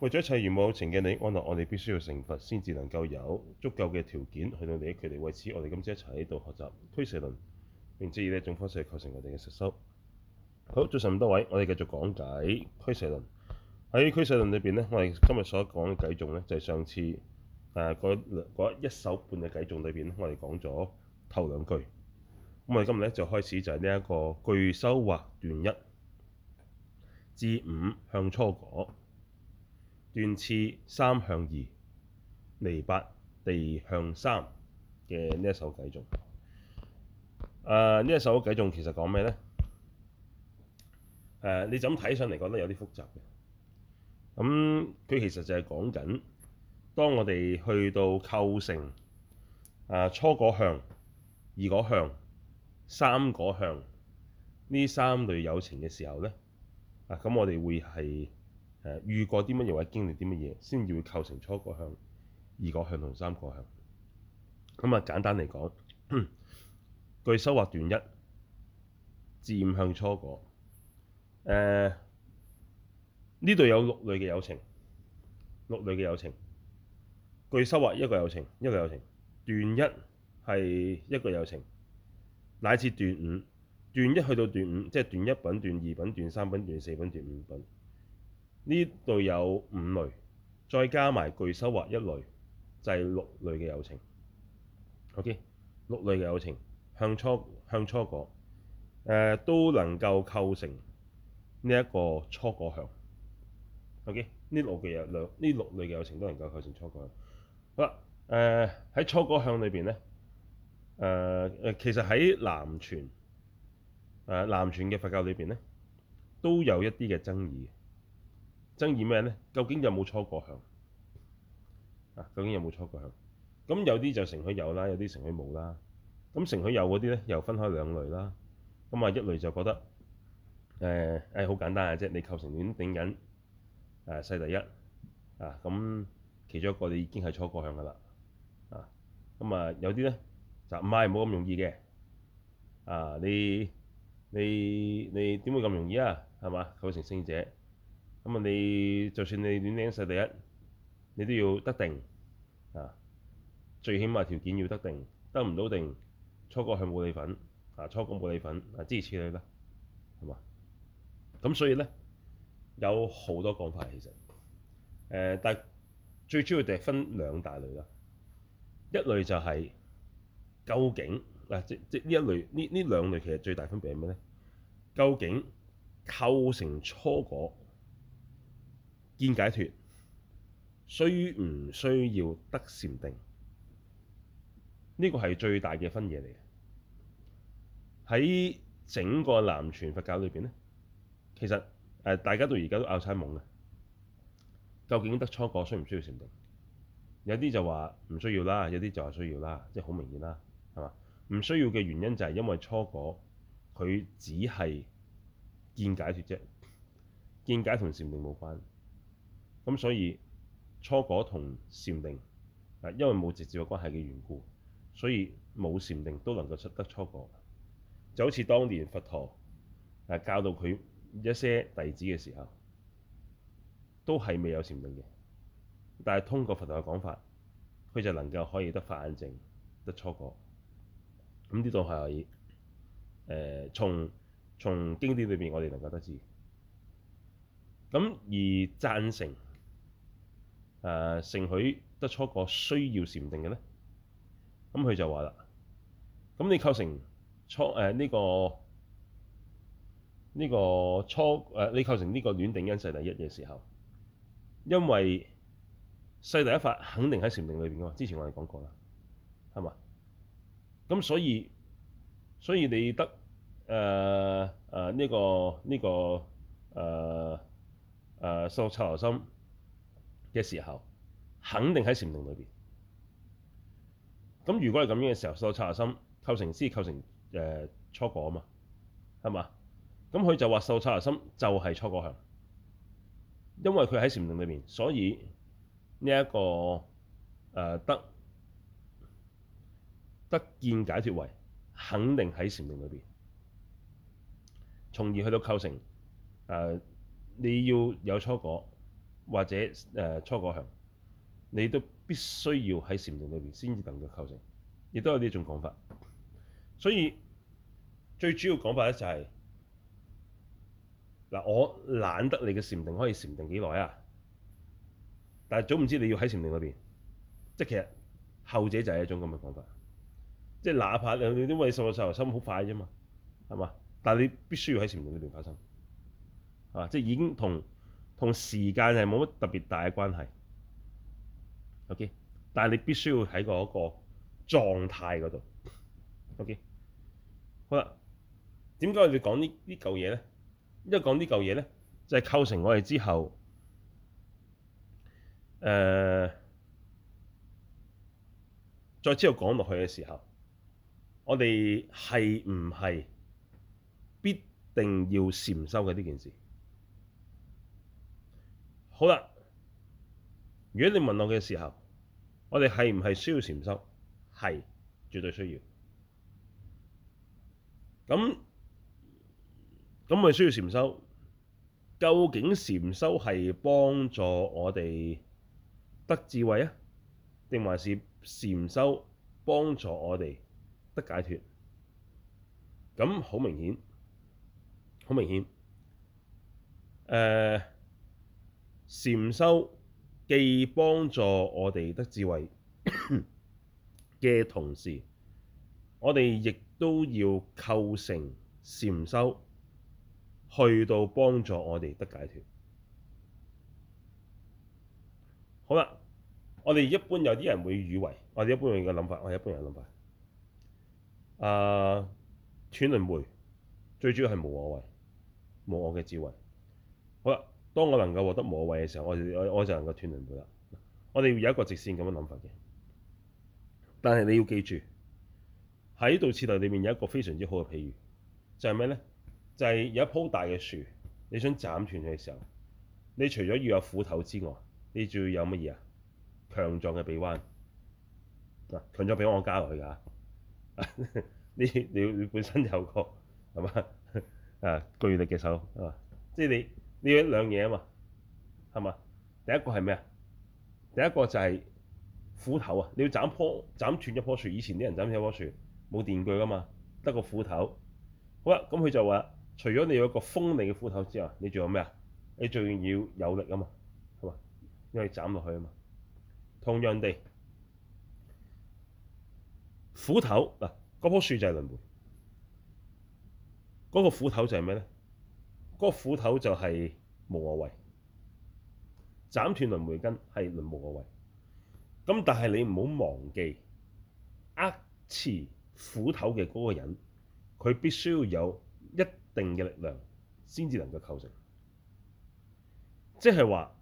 為咗一切圓滿有情嘅你安樂，我哋必須要成佛，先至能夠有足夠嘅條件去到你嘅佢哋。為此，我哋今次一齊喺度學習《俱舍論》，並且以呢種方式去構成我哋嘅實修。好，早晨咁多位，我哋繼續講解《俱舍論》。喺《俱舍論》裏邊呢，我哋今日所講嘅偈頌呢，就係上次誒嗰嗰一首半嘅偈頌裏邊我哋講咗頭兩句。咁我哋今日咧就開始就係呢一個具修惑斷一至五向初果。斷次三向二，離八地向三嘅呢一首偈頌，啊、呃、呢一首偈頌其實講咩咧？誒、呃，你就咁睇上嚟覺得有啲複雜嘅，咁、嗯、佢其實就係講緊，當我哋去到構成啊、呃、初果向、二果向、三果向呢三類有情嘅時候咧，啊咁、嗯、我哋會係。呃、遇過啲乜嘢或者經歷啲乜嘢，先至會構成初果向、二果向同三果向。咁、嗯、啊，簡單嚟講，具修惑斷一，至五向初果。誒呢度有六類嘅有情，六類嘅有情，具修惑一個有情，一個有情，斷一係一個有情，乃至斷五，斷一去到斷五，即係斷一品、斷二品、斷三品、斷四品、斷五品。呢度有五類，再加埋具修惑一類，就係、是、六類嘅有情。好嘅，六類嘅有情向初向初果，誒、呃、都能夠構成呢一個初果向。好嘅，呢六類有兩呢六類嘅有情都能夠構成初果向。好啦，誒、呃、喺初果向裏邊咧，誒、呃、誒其實喺南傳誒、呃、南傳嘅佛教裏邊咧，都有一啲嘅爭議。爭議咩咧？究竟有冇初果向？啊，究竟有冇初果向？咁有啲就承許有啦，有啲承許冇啦。咁承許有嗰啲咧，又分開兩類啦。咁啊，一類就覺得，誒、呃，誒、欸，好簡單嘅啫。你構成煖頂忍，誒、啊，世第一啊。咁其中一個你已經係初果向噶啦。啊，咁啊，有啲咧就唔係冇咁容易嘅。啊，你你你點會咁容易啊？係嘛，構成聖者。咁你就算你煖頂忍世第一，你都要得定啊。最起碼條件要得定，得唔到定，初果係冇你份，啊，初果冇你份，啊，支持你啦，係嘛？咁所以咧有好多講法，其實誒、呃，但最主要就係分兩大類啦。一類就係究竟嗱、啊，即即呢一類呢呢兩類其實最大分別係咩咧？究竟構成初果？見解脫需唔需要得禪定？呢個係最大嘅分野嚟嘅。喺整個南傳佛教裏邊咧，其實、呃、大家到而家都拗晒懵嘅。究竟得初果需唔需要禪定？有啲就話唔需要啦，有啲就話需要啦，即係好明顯啦，係嘛？唔需要嘅原因就係因為初果佢只係見解脫啫，見解同禪定冇關。咁所以初果同禪定啊，因為冇直接嘅關係嘅緣故，所以冇禪定都能夠出得初果。就好似當年佛陀啊，教導佢一些弟子嘅時候，都係未有禪定嘅，但係通過佛陀嘅講法，佢就能夠可以得法眼淨，得初果。咁呢度係可以誒從從經典裏邊我哋能夠得知。咁而贊成。誒，剩許得初個需要禪定嘅咧，咁佢就話啦，咁你構成初誒呢、呃這個呢、這個初誒、呃、你構成呢個戀定因世第一嘅時候，因為世第一法肯定喺禪定裏邊噶嘛，之前我哋講過啦，係嘛？咁所以所以你得誒誒呢個呢個誒誒策習心。嘅時候，肯定喺禪定裏邊。咁如果係咁樣嘅時候，受察心構成先構成誒、呃、初果啊嘛，係嘛？咁佢就話受察心就係初果向，因為佢喺禪定裏邊，所以呢一、這個誒、呃、得得見解脫位，肯定喺禪定裏邊，從而去到構成誒、呃、你要有初果。或者誒、呃、初果向，你都必須要喺禪定裏邊先至能夠構成，亦都有呢一種講法。所以最主要講法咧就係、是、嗱，我懶得你嘅禪定可以禪定幾耐啊？但係總唔知你要喺禪定裏邊，即係其實後者就係一種咁嘅講法，即係哪怕你因為細細孩心好快啫嘛，係嘛？但係你必須要喺禪定裏邊發生，係、啊、即係已經同。同時間係冇乜特別大嘅關係，OK。但係你必須要喺個一個狀態嗰度，OK 好。好啦，點解我哋講呢呢嚿嘢咧？因為講呢嚿嘢咧，就係、是、構成我哋之後，誒、呃，再之後講落去嘅時候，我哋係唔係必定要禪修嘅呢件事？好啦，如果你問我嘅時候，我哋係唔係需要禪修？係，絕對需要。咁咁我哋需要禪修，究竟禪修係幫助我哋得智慧啊，定還是禪修幫助我哋得解脫？咁好明顯，好明顯，誒、呃。禪修既幫助我哋得智慧嘅同時，我哋亦都要構成禪修，去到幫助我哋得解脫。好啦，我哋一般有啲人會以為，我哋一般用嘅諗法，我哋一般人嘅諗法，啊，斷輪迴，最主要係冇我為，冇我嘅智慧。當我能夠獲得無畏嘅時候，我我就能夠斷輪迴啦。我哋要有一個直線咁嘅諗法嘅，但係你要記住喺道次第裏面有一個非常之好嘅譬如就係咩咧？就係、是就是、有一樖大嘅樹，你想斬斷佢嘅時候，你除咗要有斧頭之外，你仲要有乜嘢啊？強壯嘅臂彎嗱，強壯嘅我加落去㗎，你你你本身有個係嘛 啊？巨力嘅手啊，即係你。呢一兩嘢啊嘛，係嘛？第一個係咩啊？第一個就係斧頭啊！你要斬棵、斬斷一樖樹。以前啲人斬斷樖樹，冇電鋸噶嘛，得個斧頭。好啦，咁佢就話：除咗你有一個鋒利嘅斧頭之外，你仲有咩啊？你仲要有力啊嘛，係嘛？因為斬落去啊嘛。同樣地，斧頭嗱，嗰棵樹就係輪迴，嗰個斧頭就係咩咧？嗰斧頭就係無我慧，斬斷輪迴根係無我慧。咁但係你唔好忘記握持斧頭嘅嗰個人，佢必須要有一定嘅力量先至能夠構成。即係話，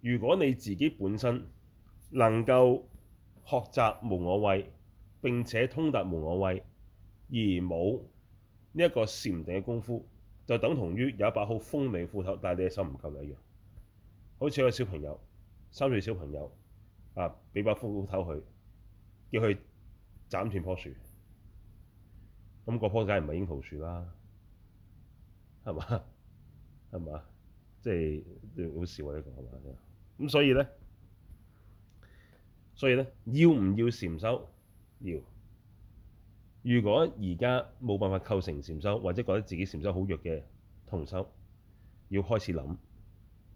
如果你自己本身能夠學習無我慧，並且通達無我慧，而冇呢一個禪定嘅功夫。就等同於有一把好鋒利斧頭，但係你嘅手唔夠力嘅，好似個小朋友，三歲小朋友畀、啊、把斧斧頭佢，叫佢斬斷樖樹，咁個棵梗係唔係櫻桃樹啦，係嘛？係嘛？即係好笑啊、呢個！呢個係嘛？咁所以咧，所以咧，要唔要禪修？要。如果而家冇辦法構成禪修，或者覺得自己禪修好弱嘅同修，要開始諗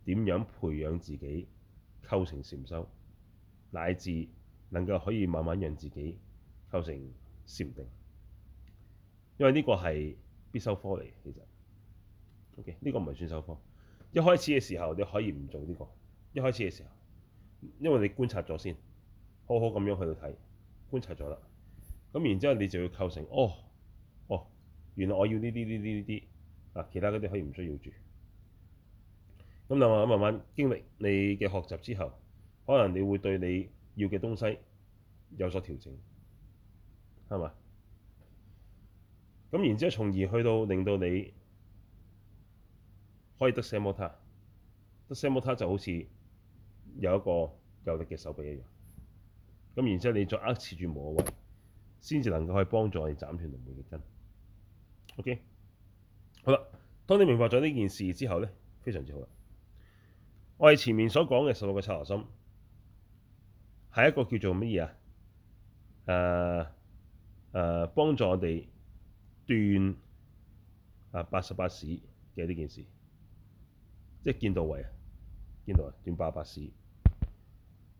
點樣培養自己構成禪修，乃至能夠可以慢慢讓自己構成禪定，因為呢個係必修科嚟嘅，其實，OK，呢個唔係選修科。一開始嘅時候你可以唔做呢個，一開始嘅時候，因為你觀察咗先，好好咁樣去到睇，觀察咗啦。咁然之後，你就要構成哦哦，原來我要呢啲呢啲呢啲啊，其他嗰啲可以唔需要住。咁兩話慢慢經歷你嘅學習之後，可能你會對你要嘅東西有所調整，係咪？咁然之後，從而去到令到你可以得奢摩他得奢摩他，就好似有一個有力嘅手臂一樣。咁然之後，你再握持住摸。先至能夠去幫助我哋斬斷龍門嘅根。OK，好啦，當你明白咗呢件事之後呢，非常之好啦。我哋前面所講嘅十六個剎那心，係一個叫做乜嘢啊？誒誒，幫助我哋斷啊八十八使嘅呢件事，即係見道位啊，見道位斷八十八使，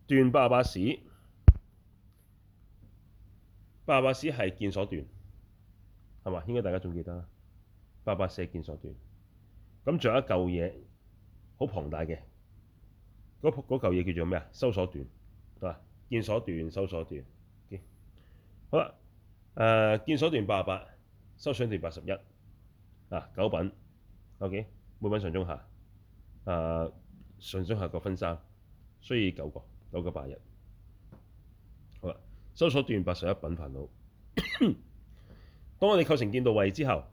斷八十八使。八八四係見所斷，係嘛？應該大家仲記得。八八四見所斷。咁仲有一舊嘢，好龐大嘅，嗰嗰舊嘢叫做咩啊？修所斷，係嘛？見所斷，修所斷。Okay? 好啦，誒、呃，見所斷，八八，修所斷，八十一，啊，九品，OK，每品上中下，誒、啊，上中下各分三，所以九個，九個八一。修所斷八十一品煩惱。 當我哋構成見道位之後，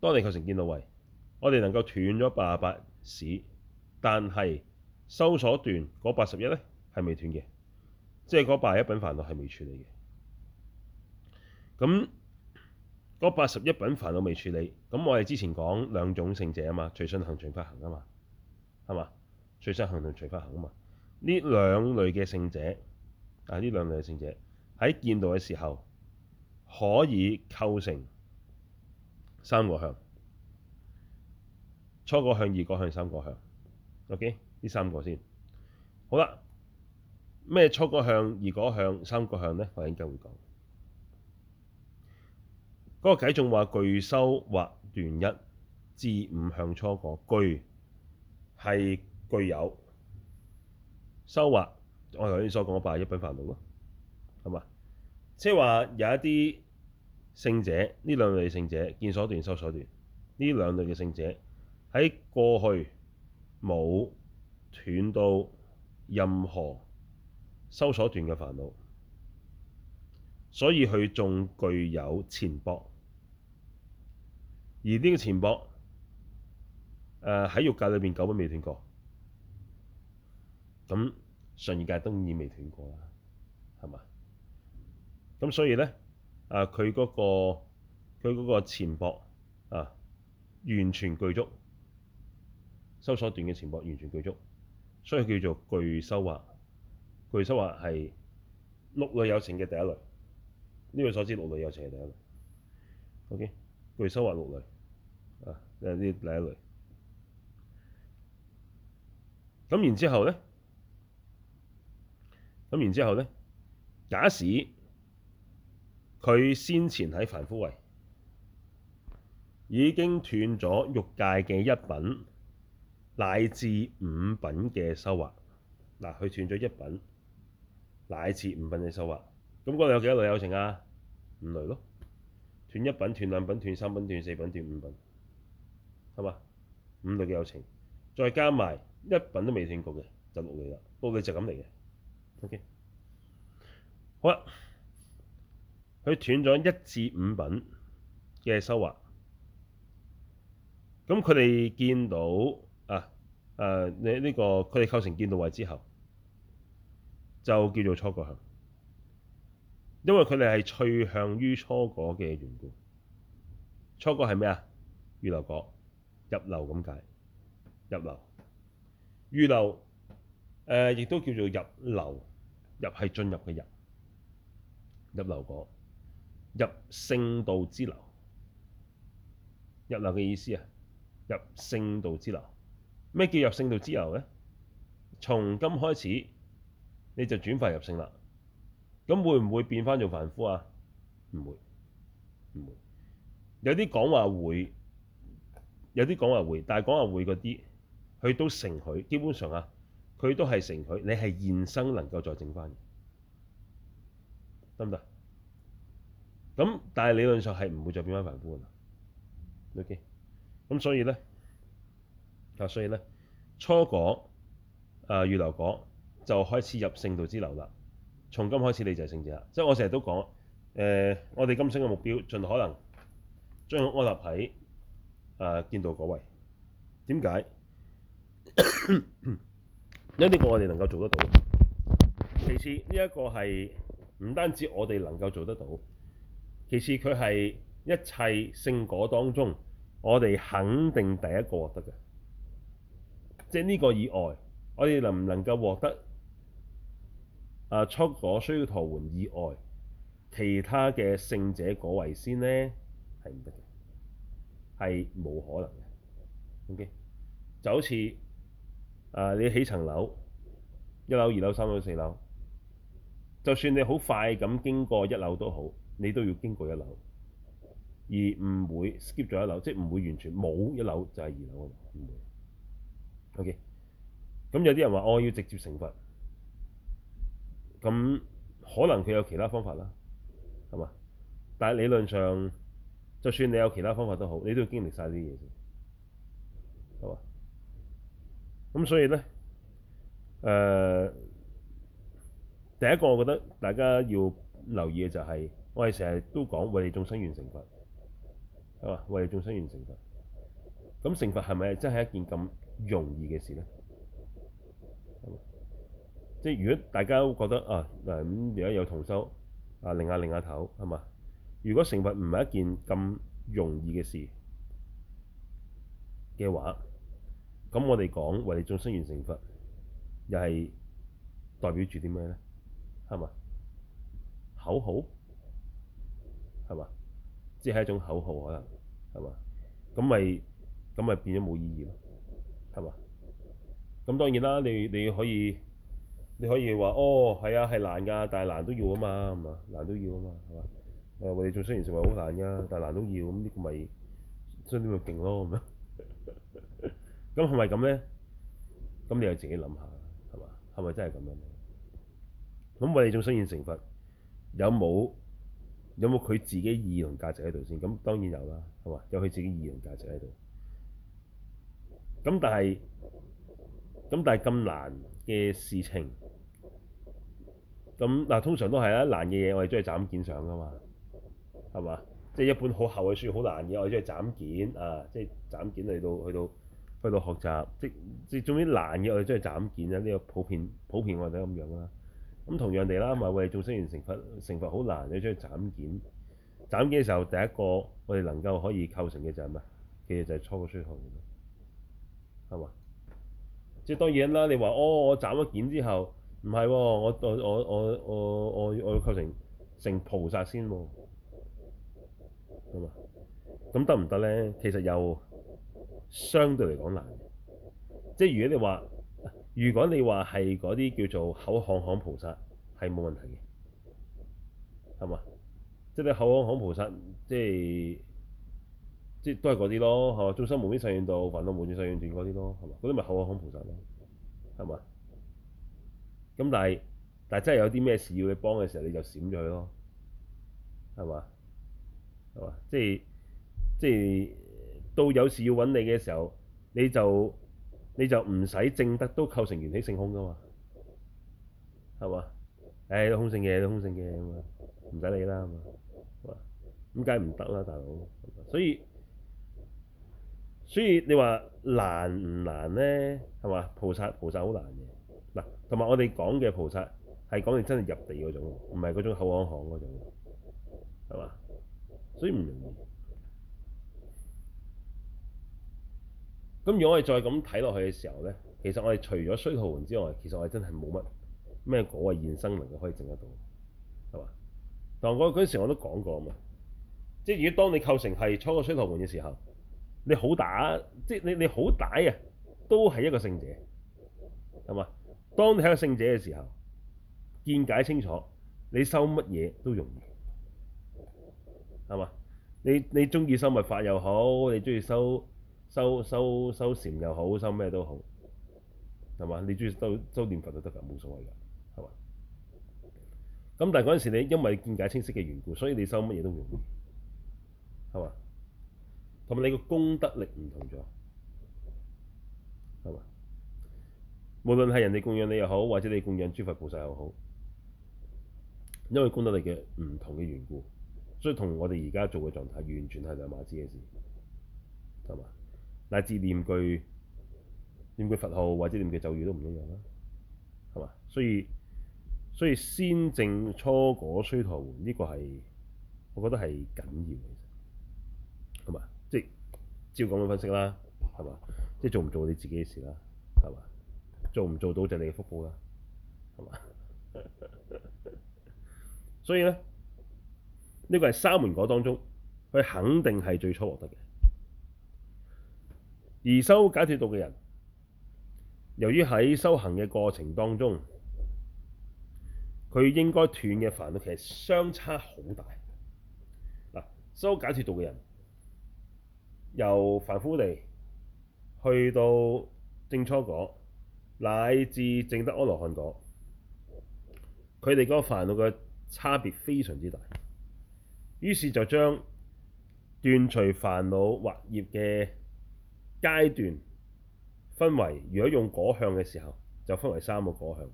當你哋構成見道位，我哋能夠斷咗八十八使，但係修所斷嗰八十一呢，係未斷嘅，即係嗰八十一品煩惱係未處理嘅。咁嗰八十一品煩惱未處理，咁我哋之前講兩種聖者啊嘛，隨信行同隨法行啊嘛，係嘛？隨信行同隨法行啊嘛。呢兩類嘅聖者，啊呢兩類嘅聖者。喺見道嘅時候，可以構成三個向：初果向、二果向、三果向。OK，呢三個先。好啦，咩初果向、二果向、三果向呢？我應該會講。嗰、那個偈仲話具修惑斷一至五向初果具係具有修惑，我頭先所講嗰八十一品煩惱咯。即係話有一啲聖者，呢兩類聖者見所斷、修所斷，呢兩類嘅聖者喺過去冇斷到任何修所斷嘅煩惱，所以佢仲具有具縛。而呢個具縛喺、呃、欲界裏邊九品未斷過，咁上二界當然未斷過啦，係嘛？咁所以咧，啊，佢嗰、那個佢嗰個纏縛啊，完全具足，修所斷嘅纏縛完全具足，所以叫做具修惑。具修惑係六類有情嘅第一類，呢、這個所知六類有情嘅第一類。OK，具修惑六類啊，呢第一類。咁然之後咧，咁然之後咧，假使佢先前喺凡夫位已經斷咗欲界嘅一品乃至五品嘅修惑，嗱佢斷咗一品乃至五品嘅修惑，咁嗰度有幾多類有情啊？五類咯，斷一品、斷兩品、斷三品、斷四品、斷五品，係嘛？五類嘅有情，再加埋一品都未斷過嘅，就六類啦。六類就咁嚟嘅，OK，好啦、啊。佢斷咗一至五品嘅修惑，咁佢哋見到啊，誒呢呢個佢哋構成見到位之後，就叫做初果向，因為佢哋係趣向於初果嘅緣故。初果係咩啊？預流果入流咁解入流、預流，誒、呃、亦都叫做入流，入係進入嘅入，入流果。入聖道之流，入流嘅意思啊，入聖道之流。咩叫入聖道之流呢？從今開始你就轉化入聖流。咁會唔會變翻做凡夫啊？唔會，唔會。有啲講話會，有啲講話會，但係講話會嗰啲，佢都承許，基本上啊，佢都係承許。你係現生能夠再整翻，得唔得？咁、嗯，但係理論上係唔會再變翻凡夫 O.K.，咁、嗯、所以咧，咁所以咧，初果啊、呃，預流果就開始入聖道之流啦。從今開始，你就係聖者啦。即係我成日都講誒、呃，我哋今生嘅目標，盡可能將安立喺啊、呃、見道嗰位。點解？第 呢 個我哋能夠做得到。其次，呢一個係唔單止我哋能夠做得到。其次，佢係一切聖果當中，我哋肯定第一個獲得嘅。即係呢個以外，我哋能唔能夠獲得啊初果需要途緩以外，其他嘅聖者果為先呢？係唔得嘅，係冇可能嘅。OK，就好似啊，你起層樓，一樓、二樓、三樓、四樓，就算你好快咁經過一樓都好。你都要經過一樓，而唔會 skip 咗一樓，即係唔會完全冇一樓就係二樓啊，唔會。OK，咁有啲人話，我要直接成佛，咁可能佢有其他方法啦，係嘛？但係理論上，就算你有其他方法都好，你都要經歷晒啲嘢先，係嘛？咁所以咧，誒、呃，第一個我覺得大家要留意嘅就係、是。我哋成日都講為你眾生完成佛，係嘛？為你眾生完成佛，咁成佛係咪真係一件咁容易嘅事咧？即係如果大家都覺得啊嗱，咁而家有同修啊，另、啊、下另下，下頭係嘛？如果成佛唔係一件咁容易嘅事嘅話，咁我哋講為你眾生完成佛，又係代表住啲咩咧？係嘛？口號？係嘛？即係一種口號，可能係嘛？咁咪，咁咪變咗冇意義咯？係嘛？咁當然啦，你你可以你可以話哦，係、呃、啊，係難㗎，但係難都要啊嘛，係嘛？難都要啊嘛，係嘛？誒，我哋做修煉成佛好難㗎，但係難都要，咁 呢個咪所以咪勁咯咁樣。咁係咪咁咧？咁你又自己諗下，係嘛？係咪真係咁樣咧？咁我哋做修煉成佛有冇？有冇佢自己意義同價值喺度先？咁當然有啦，係嘛？有佢自己意義同價值喺度。咁但係，咁但係咁難嘅事情，咁嗱、啊，通常都係啦。難嘅嘢我哋中意斬件上㗎嘛，係嘛？即係一本好厚嘅書，好難嘅，我哋中意斬件啊！即係斬件嚟到，去到去到學習，即即總之難嘅，我哋中意斬件啫。呢個普遍普遍我哋都咁樣啦。咁同樣地啦，咪喂做聲言成佛，成佛好難，你將佢斬件。斬件嘅時候，第一個我哋能夠可以構成嘅就係咩？其實就係初果須陀洹，係嘛？即係當然啦，你話哦，我斬咗件之後，唔係喎，我我我我我我我要構成成菩薩先喎、啊，係嘛？咁得唔得咧？其實又相對嚟講難。即係如果你話，如果你話係嗰啲叫做口巷巷菩薩，係冇問題嘅，係嘛？即係口巷巷菩薩，即係即係都係嗰啲咯，係嘛？眾生無邊誓願度，煩惱無盡誓願斷嗰啲咯，係嘛？嗰啲咪口巷巷菩薩咯，係嘛？咁但係但係真係有啲咩事要你幫嘅時候，你就閃咗佢咯，係嘛？係嘛？即係即係到有事要揾你嘅時候，你就。你就唔使證得都構成緣起性空噶嘛，係嘛？唉、哎，都空性嘅嘢，都空性嘅嘢，唔使理啦嘛，係嘛？點解唔得啦，大佬？所以所以你話難唔難咧？係嘛？菩薩菩薩好難嘅，嗱，同埋我哋講嘅菩薩係講你真係入地嗰種，唔係嗰種口腔行嗰種，係嘛？所以唔容易。咁如果我哋再咁睇落去嘅時候咧，其實我哋除咗須陀洹之外，其實我哋真係冇乜咩果位現生能夠可以整得到，係嘛？但嗰嗰時我都講過啊嘛，即係如果當你構成係初果須陀洹嘅時候，你好打，即係你你好歹啊，都係一個聖者，係嘛？當你係一個聖者嘅時候，見解清楚，你收乜嘢都容易，係嘛？你你中意收密法又好，你中意收修修修禪又好，修咩都好，係嘛？你中意修修念佛都得㗎，冇所謂㗎，係嘛？咁但係嗰陣時，你因為見解清晰嘅緣故，所以你修乜嘢都容易，係嘛？同埋你個功德力唔同咗，係嘛？無論係人哋供養你又好，或者你供養諸佛菩薩又好，因為功德力嘅唔同嘅緣故，所以同我哋而家做嘅狀態完全係兩碼子嘅事，係嘛？乃至念句念句佛號或者念句咒語都唔一樣啦，係嘛？所以所以先證初果須陀洹呢個係我覺得係緊要嘅，係嘛？即係照咁樣分析啦，係嘛？即係做唔做你自己嘅事啦，係嘛？做唔做到就係你嘅福報啦，係嘛？ 所以咧，呢、呢個係沙門果當中，佢肯定係最初獲得嘅。而修解脫道嘅人，由於喺修行嘅過程當中，佢應該斷嘅煩惱其實相差好大。嗱，修解脫道嘅人由凡夫地去到證初果，乃至證得阿羅漢果，佢哋嗰個煩惱嘅差別非常之大。於是就將斷除煩惱惑業嘅階段分為，如果用果向嘅時候，就分為三個果向，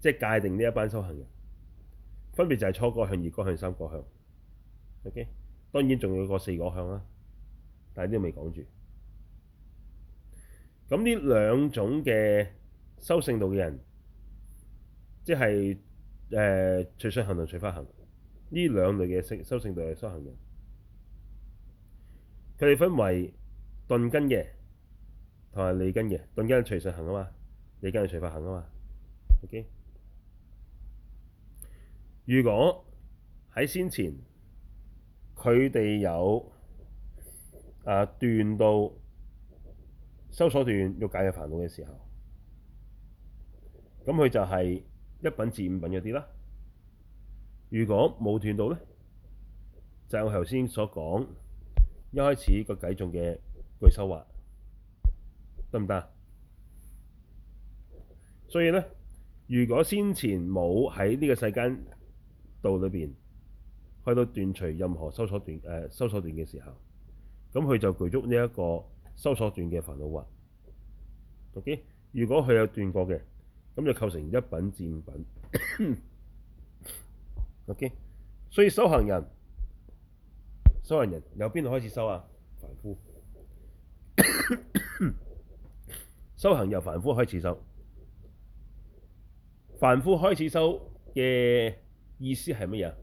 即係界定呢一班修行人，分別就係初果向、二果向、三果向。O.K.，當然仲有個四果向啦，但係呢度未講住。咁呢兩種嘅修聖道嘅人，即係誒隨信行同隨法行，呢兩類嘅聖修聖道嘅修行人，佢哋分為頓根嘅同埋利根嘅，頓根係隨信行啊嘛，利根係隨法行啊嘛。OK，如果喺先前佢哋有啊斷到修所斷欲界嘅煩惱嘅時候，咁佢就係一品至五品嗰啲啦。如果冇斷到咧，就係我頭先所講。一開始個計重嘅具修惑，得唔得？所以咧，如果先前冇喺呢個世間道裏邊去到斷除任何修所斷誒修、呃、所斷嘅時候，咁佢就具足呢一個修所斷嘅煩惱惑。OK，如果佢有斷過嘅，咁就構成一品賤品。 OK，所以修行人。修行由邊度開始修啊？凡夫修行由凡夫開始修。凡夫開始修嘅意思係乜嘢啊？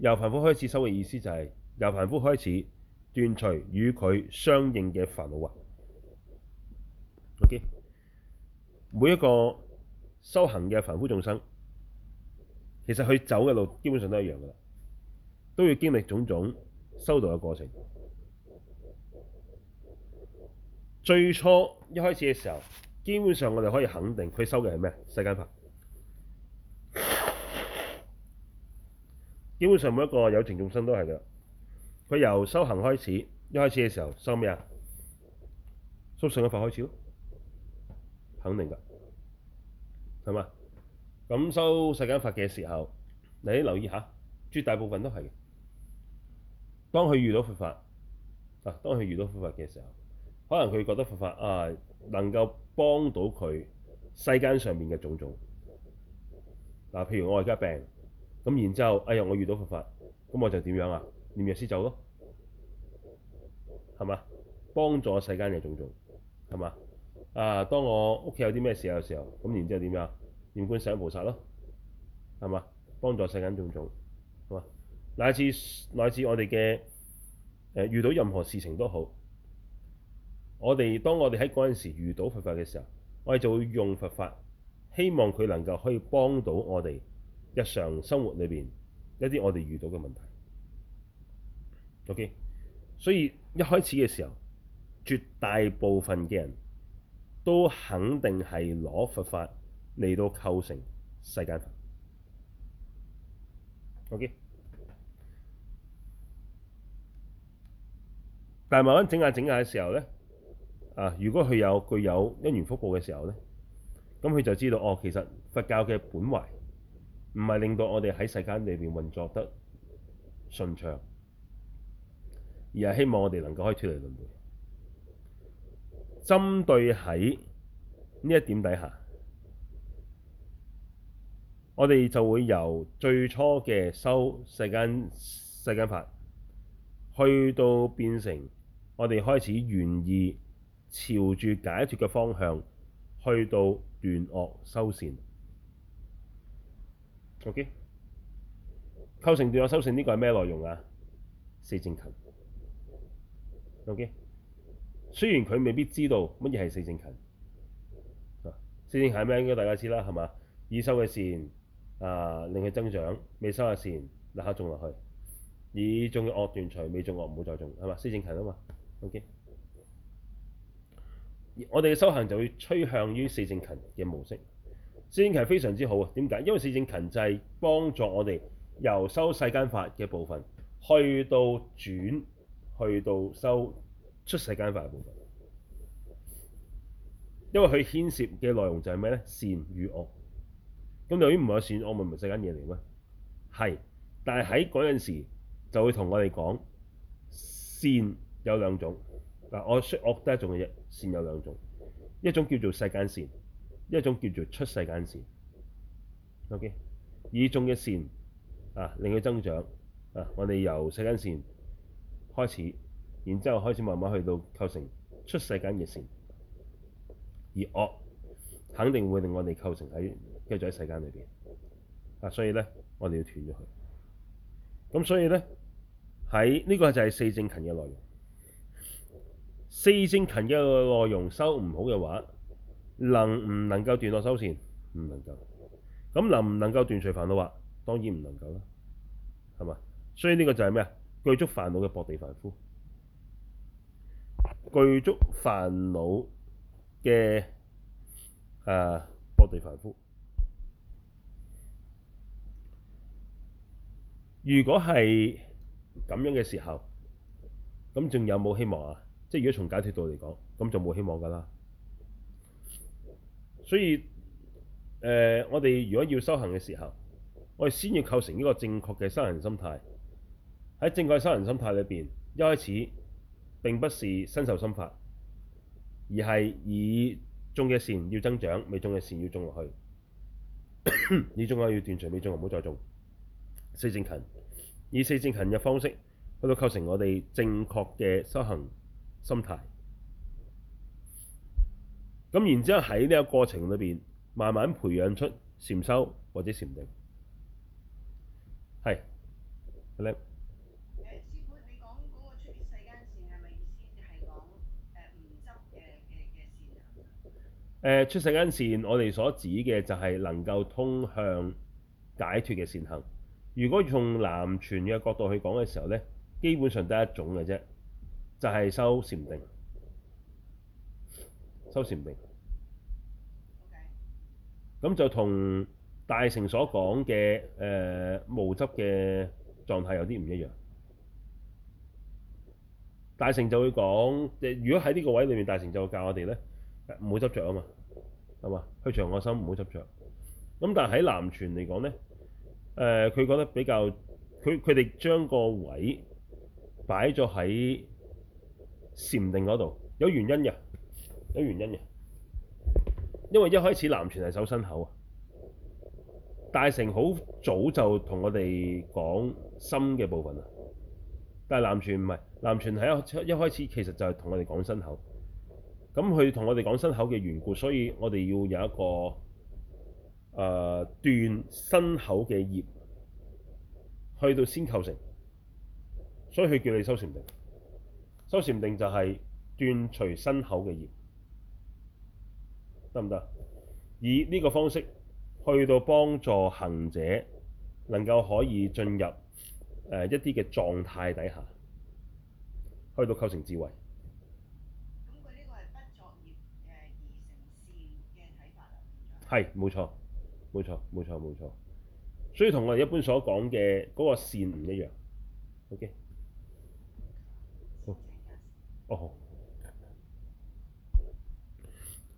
由凡夫開始修嘅意思就係由凡夫開始斷除與佢相應嘅煩惱啊。O.K. 每一個修行嘅凡夫眾生，其實佢走嘅路基本上都一樣噶啦，都要經歷種種。修道嘅過程，最初一開始嘅時候，基本上我哋可以肯定佢修嘅係咩？世間法，基本上每一個有情眾生都係嘅。佢由修行開始，一開始嘅時候修咩啊？修世間法開始咯，肯定㗎，係嘛？咁修世間法嘅時候，你留意下，絕大部分都係當佢遇到佛法嗱、啊，當佢遇到佛法嘅時候，可能佢覺得佛法啊能夠幫到佢世間上面嘅種種嗱、啊，譬如我而家病咁，然之後哎呀我遇到佛法，咁我就點樣啊？念藥師咒咯，係嘛？幫助世間嘅種種，係嘛？啊，當我屋企有啲咩事嘅時候，咁然之後點樣、啊？念觀世音菩薩咯，係嘛？幫助世間種種。乃至乃至我哋嘅、呃、遇到任何事情都好，我哋當我哋喺嗰陣時遇到佛法嘅時候，我哋就會用佛法，希望佢能夠可以幫到我哋日常生活裏邊一啲我哋遇到嘅問題。OK，所以一開始嘅時候，絕大部分嘅人都肯定係攞佛法嚟到構成世間法。OK。但係慢慢整下整下嘅時候咧，啊，如果佢有具有因緣福報嘅時候咧，咁佢就知道哦，其實佛教嘅本懷唔係令到我哋喺世間裏邊運作得順暢，而係希望我哋能夠可以脫離輪迴。針對喺呢一點底下，我哋就會由最初嘅修世間世間法，去到變成。我哋開始願意朝住解脫嘅方向去到斷惡修善。OK，構成斷惡修善呢個係咩內容啊？四正勤。OK，雖然佢未必知道乜嘢係四正勤。四正勤係咩？應該大家知啦，係嘛？已修嘅善啊、呃，令佢增長；未修嘅善，立刻種落去；已種嘅惡斷除，未種惡唔好再種，係嘛？四正勤啊嘛。O.K. 我哋嘅修行就會趨向於四正勤嘅模式。四正勤非常之好啊！點解？因為四正勤就係幫助我哋由修世間法嘅部分，去到轉，去到修出世間法嘅部分。因為佢牽涉嘅內容就係咩呢？善與惡。咁由於唔係善，我咪唔係世間嘢嚟咩？係，但係喺嗰陣時就會同我哋講善。有兩種嗱，我説惡得一種嘅善有兩種，一種叫做世間善，一種叫做出世間善。OK，以種嘅善啊令佢增長啊，我哋由世間善開始，然之後開始慢慢去到構成出世間嘅善。而惡肯定會令我哋構成喺居住喺世間裏邊啊，所以咧我哋要斷咗佢。咁所以咧喺呢個就係四正勤嘅內容。四正勤嘅內容修唔好嘅話，能唔能夠斷惡修善？唔能夠。咁能唔能夠斷除煩惱啊？當然唔能夠啦，係咪？所以呢個就係咩啊？具足煩惱嘅博地凡夫，具足煩惱嘅啊薄地凡夫。如果係咁樣嘅時候，咁仲有冇希望啊？即係如果從解脫道嚟講，咁就冇希望㗎啦。所以誒、呃，我哋如果要修行嘅時候，我哋先要構成一個正確嘅修行心態。喺正確嘅修行心態裏邊，一開始並不是身受心法，而係已種嘅善要增長，未種嘅善要種落去。已種嘅要斷除，未種嘅唔好再種，四正勤。以四正勤嘅方式去到構成我哋正確嘅修行。心態，咁然之後喺呢個過程裏邊，慢慢培養出禪修或者禪定。係你誒，師傅，你講嗰個出世間線係咪意思係講唔執嘅嘅嘅線啊？出世間線，我哋所指嘅就係能夠通向解脱嘅線行。如果從南傳嘅角度去講嘅時候咧，基本上都係一種嘅啫。就係收禪定，收禪定，咁 Okay. 就同大乘所講嘅誒無執嘅狀態有啲唔一樣。大乘就會講，如果喺呢個位裏面，大乘就會教我哋咧唔好執着啊嘛，係嘛，去長我心，唔好執着。」咁但係喺南傳嚟講咧，誒佢覺得比較，佢佢哋將個位擺咗喺。禪定嗰度有原因嘅，有原因嘅，因為一開始南傳係守身口啊，大乘好早就同我哋講心嘅部分啊，但係南傳唔係，南傳係一一開始其實就係同我哋講身口，咁佢同我哋講身口嘅緣故，所以我哋要有一個誒斷身口嘅業，去到先構成，所以佢叫你修禪定。修禪定就係斷除身口嘅業，得唔得？以呢個方式去到幫助行者能夠可以進入誒一啲嘅狀態底下，去到構成智慧。咁佢呢個係不作業誒而成善嘅睇法啊？係，冇錯，冇錯，冇錯，冇錯。所以同我哋一般所講嘅嗰個善唔一樣。O.K.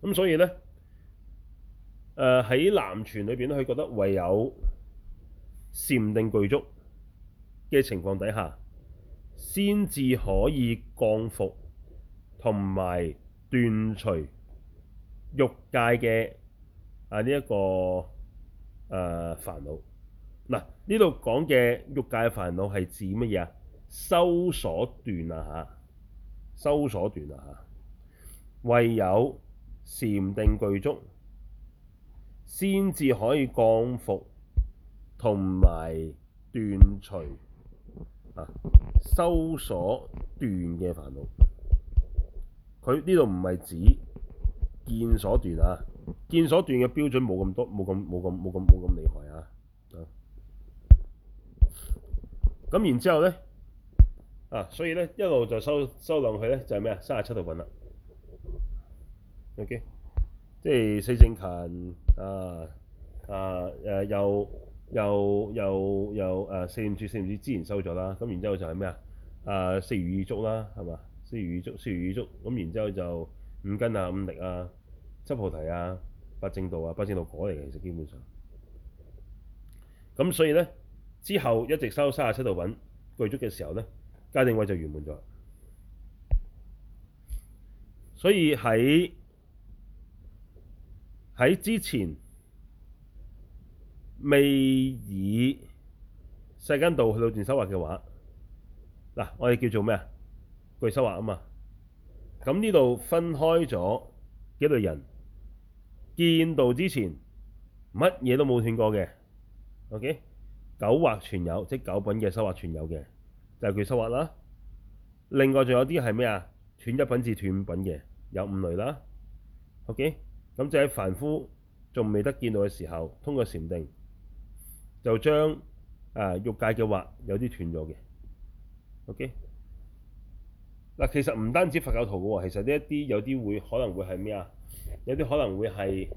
咁、哦、所以咧，誒喺南傳裏邊咧，佢覺得唯有禪定具足嘅情況底下，先至可以降伏同埋斷除欲界嘅啊呢一、呢個誒、啊、煩惱嗱。呢度講嘅欲界嘅煩惱係指乜嘢啊？修所斷啊嚇！修所斷啊！哈，唯有禪定具足，先至可以降伏同埋斷除啊修所斷嘅煩惱。佢呢度唔係指見所斷啊，見所斷嘅標準冇咁多，冇咁冇咁冇咁冇咁厲害啊！咁、啊、然之後咧。啊，所以咧一路就修修落去咧，就係咩啊？三十七道品啦，OK，即係四正勤啊啊誒，又又又又誒四念住，四念住之前修咗啦，咁然之後就係咩啊？啊，四如意足啦，係嘛？四如意足，四如意足，咁然之後就五根啊、五力啊、七菩提啊、八正道啊、八正道果嚟嘅，其實基本上。咁所以咧，之後一直修到三十七道品具足嘅時候咧。戒定慧就圓滿咗，所以喺喺之前未以世間道去到斷修惑嘅話，嗱我哋叫做咩啊？具修惑啊嘛。咁呢度分開咗幾類人，見道之前乜嘢都冇斷過嘅，OK？九惑全有，即九品嘅修惑全有嘅。就係佢修惑啦。另外仲有啲係咩啊？斷一品至斷五品嘅有五類啦。OK，咁就喺凡夫仲未得見到嘅時候，通過禪定就將啊欲界嘅惑有啲斷咗嘅。OK，嗱，其實唔單止佛教徒嘅喎，其實呢一啲有啲會可能會係咩啊？有啲可能會係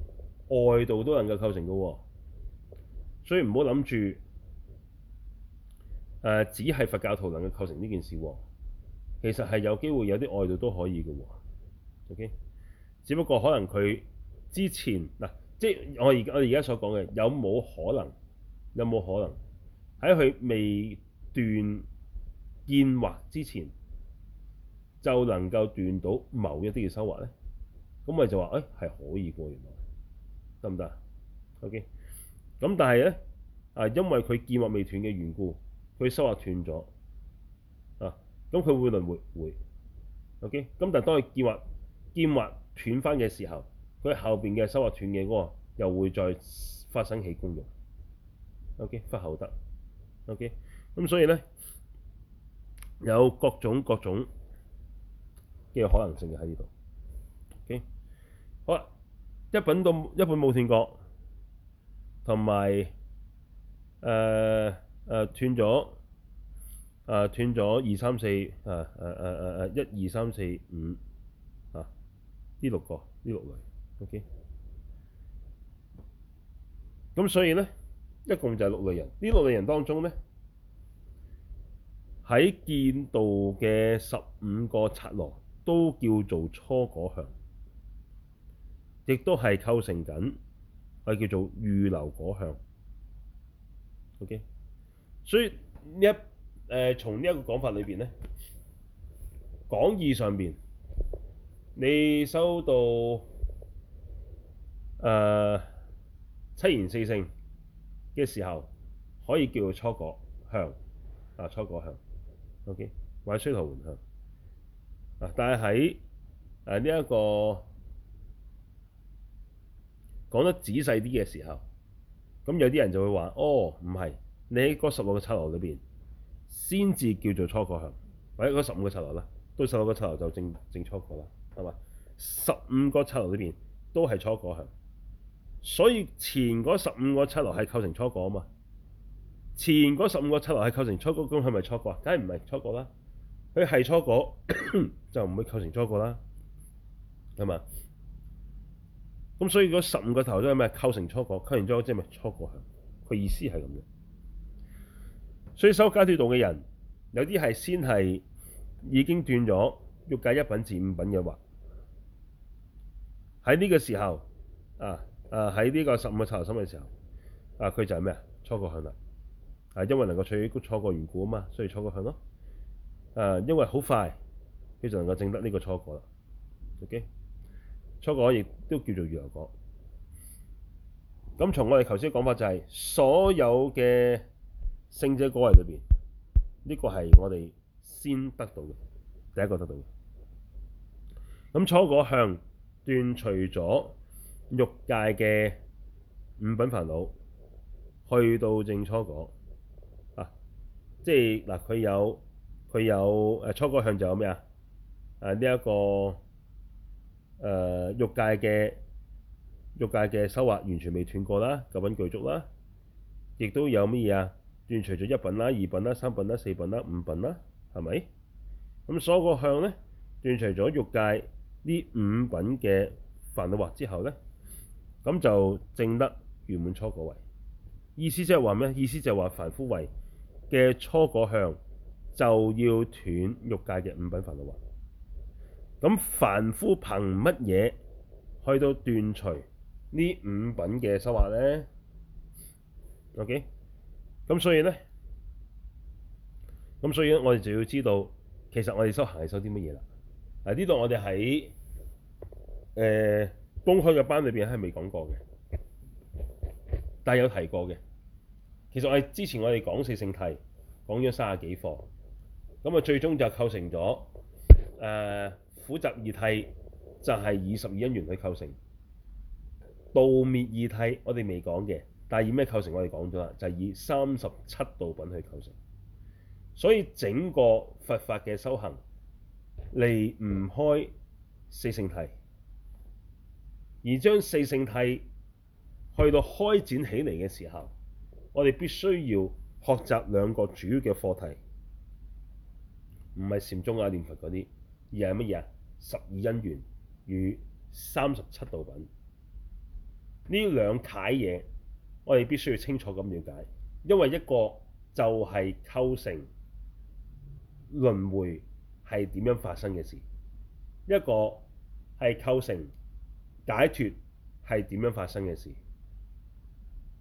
外道都能夠構成嘅喎，所以唔好諗住。誒、呃、只係佛教徒能夠構成呢件事，哦，其實係有機會有啲外道都可以嘅，哦。OK，只不過可能佢之前嗱、啊，即係我而我而家所講嘅，有冇可能？有冇可能喺佢未斷見惑之前，就能夠斷到某一啲嘅修惑咧？咁咪就話誒係可以嘅，原來得唔得？OK，咁但係咧啊，因為佢見惑未斷嘅緣故。佢修惑斷咗啊，咁佢會輪回，會,會，OK，咁但係當佢見惑見惑斷翻嘅時候，佢後邊嘅修惑斷嘅嗰個又會再發生起功用，OK，不後得，OK，咁、嗯、所以咧有各種各種嘅可能性嘅喺呢度，OK，好啦，一品到一品冇斷過，同埋誒。呃誒斷咗，誒斷咗二三四，誒誒誒誒誒，一二三四五，啊，呢六個，呢六類，OK。咁所以咧，一共就係六類人。呢六類人當中咧，喺見道嘅十五個剎那，都叫做初果向，亦都係構成緊，係叫做預流果向，OK。所以呢一誒，從呢一個講法裏邊咧，講義上邊，你收到誒七賢四聖嘅時候，可以叫做初果向，啊初果向，OK，或者須陀洹向，啊，但係喺誒呢一個講得仔細啲嘅時候，咁有啲人就會話：哦，唔係。你喺嗰十五個剎那裏邊，先至叫做初果向，或者嗰十五個剎那啦，到十六個剎那就正正初果啦，係嘛？十五個剎那裏邊都係初果向，所以前嗰十五個剎那係構成初果啊嘛。前嗰十五個剎那係構成初果咁，係咪初果？梗係唔係初果啦。佢係初果 就唔會構成初果啦，係嘛？咁所以嗰十五個頭都係咩？構成初果，構完咗即係咩？初果向，佢意思係咁樣。所以收階段度嘅人，有啲係先係已經斷咗欲界一品至五品嘅話，喺呢個時候啊啊，喺呢個十五個剎那嘅時候，啊佢就係咩啊？初、啊、果向啦、啊，係、啊、因為能夠趣於初果緣故啊嘛，所以初果向咯、啊。誒、啊，因為好快，佢就能夠證得呢個初果啦。OK，初果亦都叫做預流果。咁從我哋頭先嘅講法就係、是，所有嘅，聖者果位裏邊，呢個係我哋先得到嘅第一個得到嘅。咁初果向斷除咗欲界嘅五品煩惱，去到證初果啊！即係嗱，佢、啊、有佢有誒、啊、初果向就有咩啊？誒呢一個誒欲、呃、界嘅欲界嘅修惑完全未斷過啦，九品具足啦，亦都有乜嘢啊？斷除咗一品啦、二品啦、三品啦、四品啦、五品啦，係咪？咁所有個向咧，斷除咗欲界呢五品嘅煩惱惑之後咧，咁就證得圓滿初果位。意思即係話咩？意思就係話凡夫位嘅初果向就要斷欲界嘅五品煩惱惑。咁凡夫憑乜嘢去到斷除呢五品嘅修惑咧？OK？咁所以呢，咁所以我哋就要知道，其實我哋修行係修啲乜嘢啦？嗱、啊，呢度我哋喺誒公開嘅班裏邊係未講過嘅，但係有提過嘅。其實我哋之前我哋講四聖諦，講咗三十幾課，咁啊最終就構成咗誒苦集二諦，呃、就係以十二因緣去構成，道滅二諦我哋未講嘅。但以咩構成？我哋講咗啦，就係、是、以三十七道品去構成，所以整個佛法嘅修行離唔開四聖諦，而將四聖諦去到開展起嚟嘅時候，我哋必須要學習兩個主要嘅課題，唔係禪宗啊、念佛嗰啲，而係乜嘢啊？十二因緣與三十七道品呢兩楷嘢。我哋必須要清楚咁了解，因為一個就係構成輪迴係點樣發生嘅事，一個係構成解脫係點樣發生嘅事。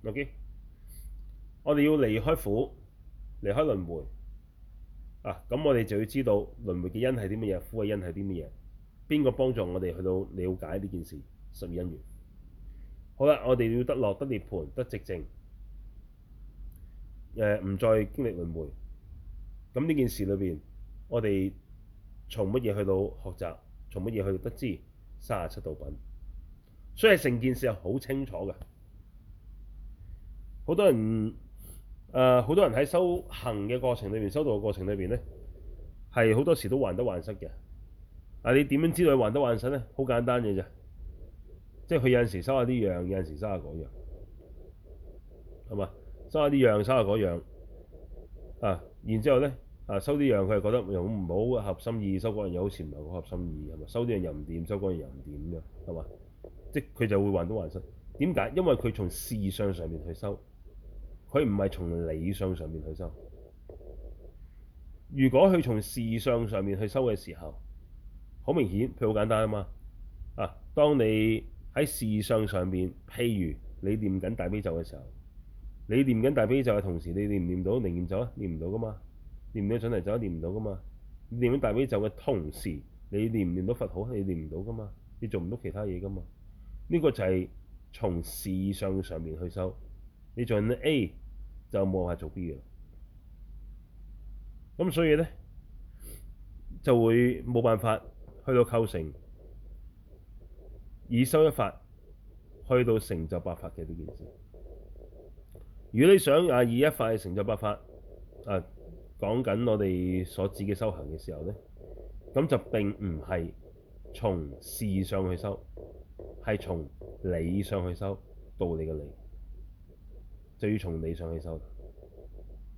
OK，我哋要離開苦，離開輪迴。啊，咁我哋就要知道輪迴嘅因係啲乜嘢，苦嘅因係啲乜嘢，邊個幫助我哋去到了解呢件事？十二因緣。好啦，我哋要得樂得涅槃，得寂靜，誒、呃、唔再經歷輪迴。咁呢件事裏邊，我哋從乜嘢去到學習，從乜嘢去到得知三十七道品。所以成件事係好清楚嘅。好多人誒，好、呃、多人喺修行嘅過程裏面，修道嘅過程裏邊咧，係好多時都患得患失嘅。啊，你點樣知道患得患失咧？好簡單嘅啫。即係佢有陣時收下啲樣，有陣時收下嗰樣，係嘛？收下啲樣，收下嗰樣啊。然之後咧啊，收啲樣佢係覺得又唔好合心意，收嗰樣又好似唔係好合心意，係嘛？收啲樣又唔掂，收嗰樣又唔掂咁樣，係嘛？即佢就會患得患失。點解？因為佢從事相上面去收，佢唔係從理相上面去收。如果佢從事相上面去收嘅時候，好明顯，佢好簡單啊嘛。啊，當你喺事相上邊，譬如你念緊大悲咒嘅時候，你念緊大悲咒嘅同時，你念唔唸到楞嚴咒啊？唸唔到噶嘛，念唔到準提咒，念唔到噶嘛。念緊大悲咒嘅同時，你念唔唸到佛號？你念唔到噶嘛，你做唔到其他嘢噶嘛。呢、這個就係從事相上面去修。你做緊 A 就冇話做 B 啦。咁所以咧就會冇辦法去到構成。以修一法，去到成就百法嘅呢件事。如果你想啊，以一法去成就百法，啊，講緊我哋所指嘅修行嘅時候咧，咁就並唔係從事上去修，係從理上去修道理嘅理，就要從理上去修。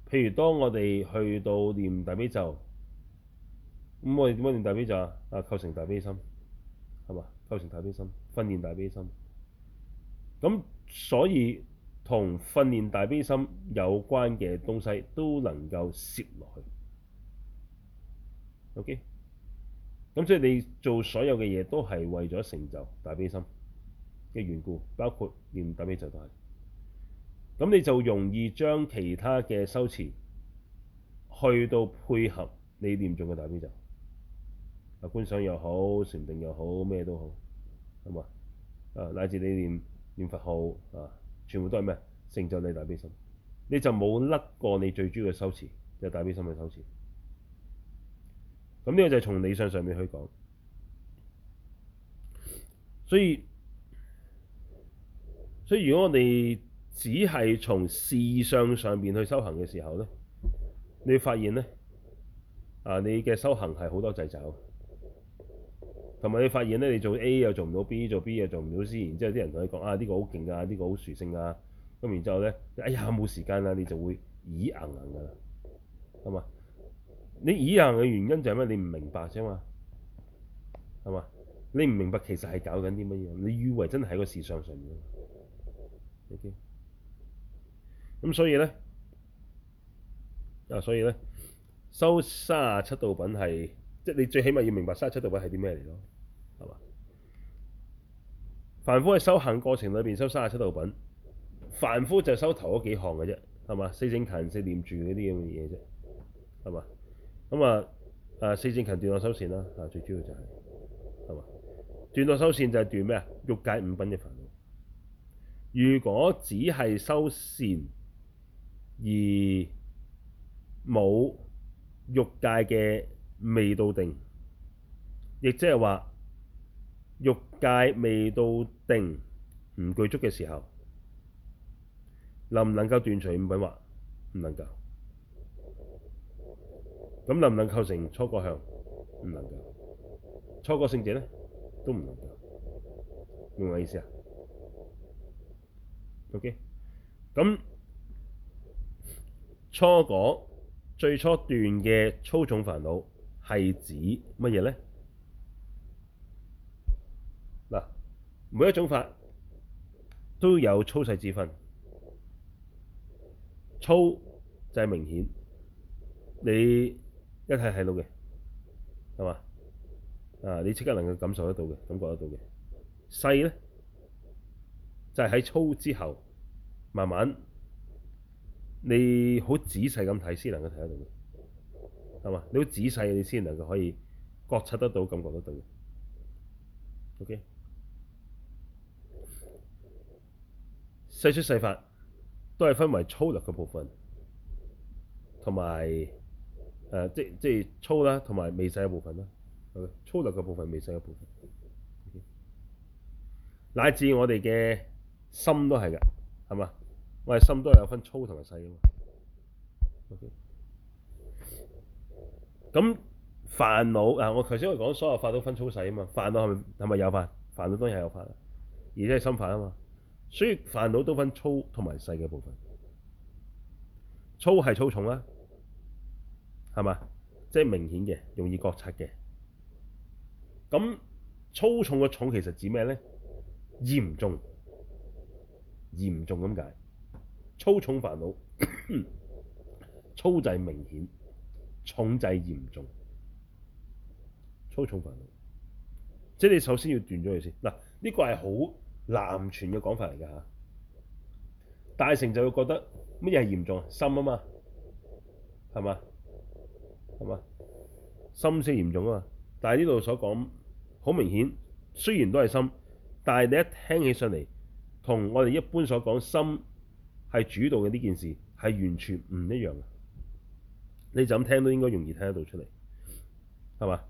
譬如當我哋去到念大悲咒，咁我哋點樣念大悲咒啊？啊，構成大悲心，係嘛？構成大悲心，訓練大悲心。咁所以同訓練大悲心有關嘅東西，都能夠攝落去。OK。咁即係你做所有嘅嘢，都係為咗成就大悲心嘅緣故，包括念大悲咒都係。咁你就容易將其他嘅修持去到配合你念中嘅大悲咒。啊！觀想又好，禪定又好，咩都好，咁啊啊！乃至你念唸佛號啊，全部都係咩成就你大悲心，你就冇甩過你最中意嘅修持，就係、大悲心嘅修持。咁、嗯、呢、這個就係從理想上面去講，所以所以如果我哋只係從事相上，上面去修行嘅時候咧，你會發現咧啊，你嘅修行係好多掣肘。同埋你發現咧，你做 A 又做唔到 B，做 B 又做唔到 C，然之後啲人同你講啊，這個這個、呢個好勁噶，呢個好殊勝噶，咁然之後咧，哎呀冇時間啦，你就會耳硬硬噶啦，係嘛？你耳硬嘅原因就係咩？你唔明白啫嘛，係嘛？你唔明白其實係搞緊啲乜嘢？你以為真係喺個時尚上面咁、okay? 所以咧，啊所以咧，修三十七道品係。即係你最起碼要明白三十七道品係啲咩嚟咯，係嘛？凡夫喺修行過程裏邊修三十七道品，凡夫就係修頭嗰幾項嘅啫，係嘛？四正勤、四念住嗰啲咁嘅嘢啫，係嘛？咁啊啊四正勤斷落修善啦，啊最主要就係係嘛？斷落修善就係斷咩啊？欲界五品嘅煩惱。如果只係修善而冇欲界嘅。未到定，亦即係話欲界未到定唔具足嘅時候，能唔能夠斷除五品惑？唔能夠。咁能唔能夠成初果向？唔能夠。初果聖者呢？都唔能夠。明我意思啊？OK。咁初果最初斷嘅粗重煩惱，係指乜嘢咧？嗱，每一種法都有粗細之分。粗就係明顯，你一睇睇到嘅，係嘛？啊，你即刻能夠感受得到嘅，感覺得到嘅。細咧就係、是、喺粗之後，慢慢你好仔細咁睇先能夠睇得到嘅。係嘛？你好仔細，你先能夠可以覺察得到、感覺得到。OK，世出世法都係分為粗略嘅部分，同埋誒即即粗啦，同埋微細嘅部分啦。係咪？粗略嘅部分、微細嘅部分，OK？乃至我哋嘅心都係㗎，係嘛？我哋心都係有分粗同埋細㗎嘛。OK。咁煩惱啊！我頭先我講所有法都分粗細啊嘛，煩惱係咪係咪有法？煩惱當然係有法，而且係心煩啊嘛。所以煩惱都分粗同埋細嘅部分。粗係粗重啦，係嘛？即係、就是、明顯嘅，容易覺察嘅。咁粗重嘅重其實指咩咧？嚴重，嚴重咁解。粗重煩惱， 粗制明顯。重是嚴重，粗重份，即係你首先要斷咗佢先。嗱，呢個係好南傳嘅講法嚟㗎嚇。大成就會覺得乜嘢係嚴重？心啊嘛，係嘛，係嘛，心先嚴重啊嘛。但係呢度所講好明顯，雖然都係心，但係你一聽起上嚟，同我哋一般所講心係主導嘅呢件事係完全唔一樣嘅。你就咁聽都應該容易聽得到出嚟，係嘛？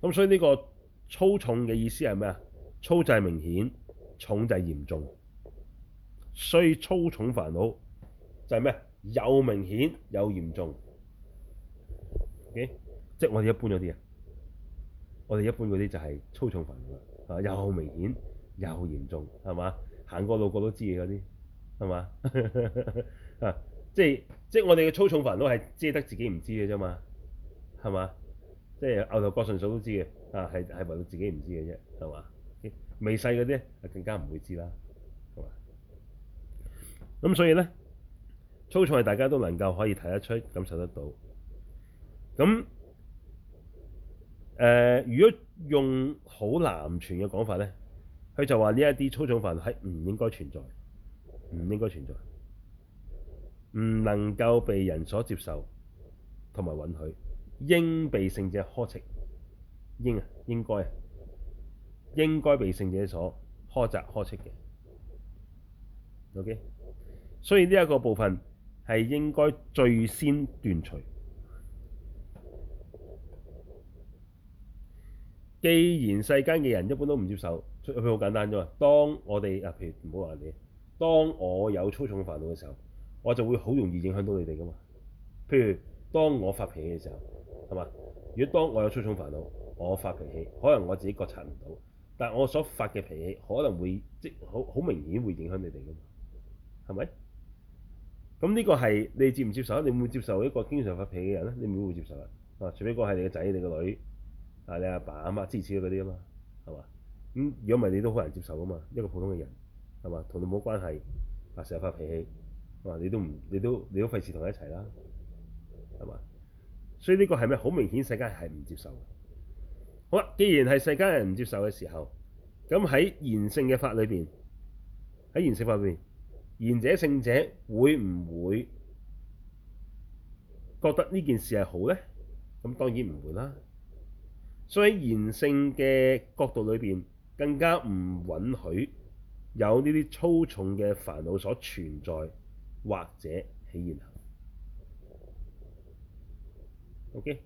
咁所以呢個粗重嘅意思係咩啊？粗就係明顯，重就係嚴重。所以粗重煩惱就係咩？又明顯又嚴重。Okay? 即係我哋一般嗰啲啊，我哋一般嗰啲就係粗重煩惱啦，係嘛？啊，又好明顯又好嚴重，係嘛？行過路過都知嗰啲，係嘛？ 即係即係我哋嘅粗重煩惱都係遮得自己唔知嘅啫嘛，係嘛？即係牛頭角順嫂都知嘅，啊係係為到自己唔知嘅啫，係嘛？未細嗰啲啊更加唔會知啦，係嘛？咁所以咧，粗重係大家都能夠可以睇得出、感受得到。咁誒、呃，如果用好南傳嘅講法咧，佢就話呢一啲粗重煩惱係唔應該存在，唔應該存在。唔能夠被人所接受同埋允許，應被聖者呵斥，應啊應該啊應該被聖者所呵責呵斥嘅。OK，所以呢一個部分係應該最先斷除。既然世間嘅人一般都唔接受，所以佢好簡單啫嘛。當我哋啊，譬如唔好話你哋，當我有粗重嘅煩惱嘅時候。我就會好容易影響到你哋噶嘛。譬如當我發脾氣嘅時候，係嘛？如果當我有粗重煩惱，我發脾氣，可能我自己覺察唔到，但我所發嘅脾氣可能會即好好明顯，會影響你哋噶嘛？係咪？咁呢個係你接唔接受咧？你會唔會接受一個經常發脾氣嘅人咧？你會唔會接受啊？啊，除非嗰係你嘅仔、你嘅女、啊你阿爸阿媽支持嗰啲啊嘛，係嘛？咁如果唔係，你都好難接受噶嘛。一個普通嘅人係嘛，同你冇關係啊，成日發脾氣。話你都唔，你都你都費事同佢一齊啦，係嘛？所以呢個係咪好明顯，世界係唔接受嘅。好啦，既然係世界人唔接受嘅時候，咁喺賢聖嘅法裏邊，喺賢聖法裏邊，賢者聖者會唔會覺得呢件事係好呢？咁當然唔會啦。所以喺賢聖嘅角度裏邊，更加唔允許有呢啲粗重嘅煩惱所存在。.或者起現行，OK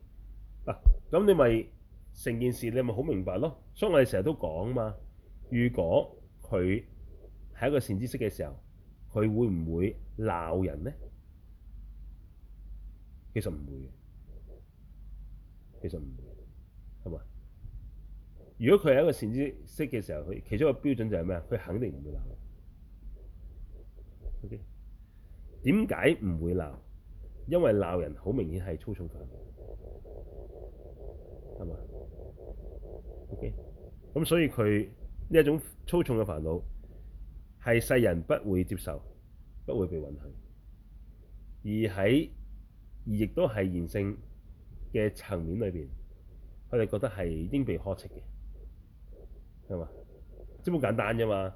嗱、啊，咁你咪成件事你咪好明白咯。所以我哋成日都講啊嘛。如果佢係一個善知識嘅時候，佢會唔會鬧人呢？其實唔會嘅，其實唔會，係嘛？如果佢係一個善知識嘅時候，佢其中一個標準就係咩啊？佢肯定唔會鬧。OK。點解唔會鬧？因為鬧人好明顯係粗重嘅，係嘛？OK，咁所以佢呢一種粗重嘅煩惱係世人不會接受、不會被允許，而喺而亦都係現性嘅層面裏邊，佢哋覺得係應被呵斥嘅，係嘛？即係好簡單啫嘛？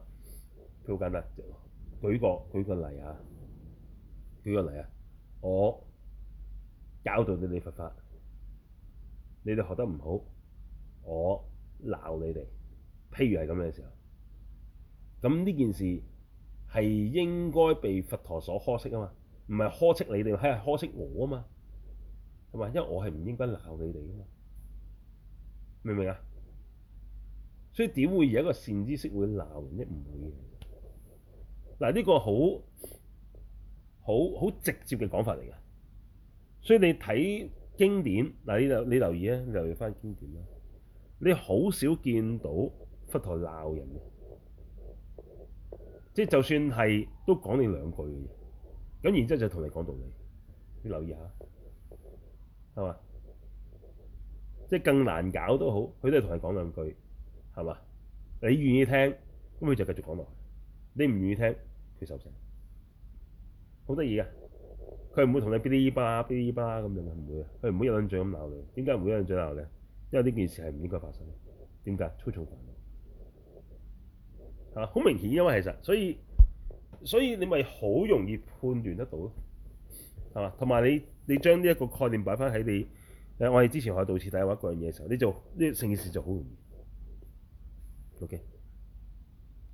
佢好簡單，舉個舉個例啊。佢入嚟啊！我教導你哋佛法，你哋學得唔好，我鬧你哋。譬如係咁嘅時候，咁呢件事係應該被佛陀所呵斥啊嘛，唔係呵斥你哋，係呵斥我啊嘛，係咪？因為我係唔應該鬧你哋啊嘛，明唔明啊？所以點會有一個善知識會鬧人，呢唔會嘅。嗱，呢個好。好好直接嘅講法嚟嘅，所以你睇經典嗱，你留你留意啊，你留意翻經典啦。你好少見到佛陀鬧人嘅，即係就算係都講你兩句嘅嘢，咁然之後就同你講道理。你留意下，係嘛？即係更難搞都好，佢都係同你講兩句，係嘛？你願意聽，咁佢就繼續講落去；你唔願意聽，佢收聲。好得意嘅，佢唔會同你嗶哩吧嗶哩吧咁樣嘅，唔會啊！佢唔會有兩嘴咁鬧你。點解唔會有兩嘴鬧你？因為呢件事係唔應該發生。點解粗重煩惱？嚇，好明顯因為，其實，所以，所以你咪好容易判斷得到咯，係嘛？同埋你，你將呢一個概念擺翻喺你，誒、呃，我哋之前喺道次底講過樣嘢嘅時候，你做就呢成件事就好容易。OK，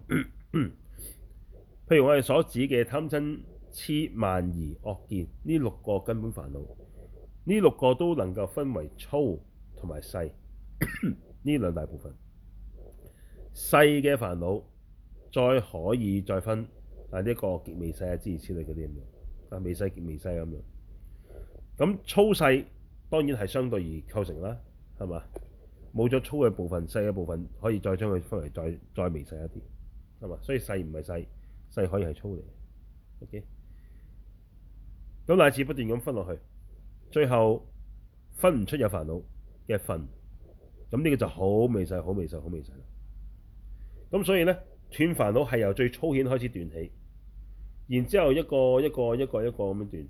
譬如我哋所指嘅貪嗔。痴慢疑惡見呢六個根本煩惱，呢六個都能夠分為粗同埋細呢兩大部分。細嘅煩惱再可以再分啊呢個極微細啊之類之類嗰啲咁樣啊，微細極微細咁樣。咁粗細當然係相對而構成啦，係嘛？冇咗粗嘅部分，細嘅部分可以再將佢分為再再微細一啲，係嘛？所以細唔係細，細可以係粗嚟。O.K. 咁乃至不斷咁分落去，最後分唔出有煩惱嘅份，咁呢個就好微細、好微細、好微細。咁所以呢，斷煩惱係由最粗顯開始斷起，然之後一個一個一個一個咁樣斷，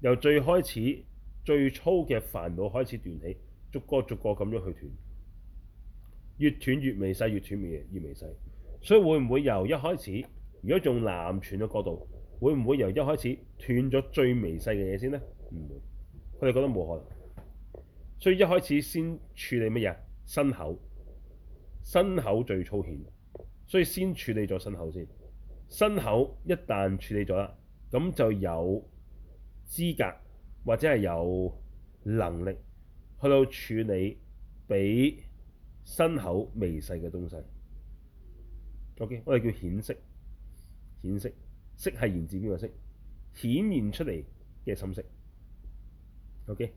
由最開始最粗嘅煩惱開始斷起，逐個逐個咁樣去斷，越斷越微細，越斷越微細，越，越微細。所以會唔會由一開始，如果仲南傳嘅角度？會唔會由一開始斷咗最微細嘅嘢先呢？唔會，佢哋覺得冇可能，所以一開始先處理乜嘢啊？身口，身口最粗顯，所以先處理咗身口先。身口一旦處理咗啦，咁就有資格或者係有能力去到處理比身口微細嘅東西。OK，我哋叫顯色，顯色。色係源自邊個色？顯現出嚟嘅深色。OK，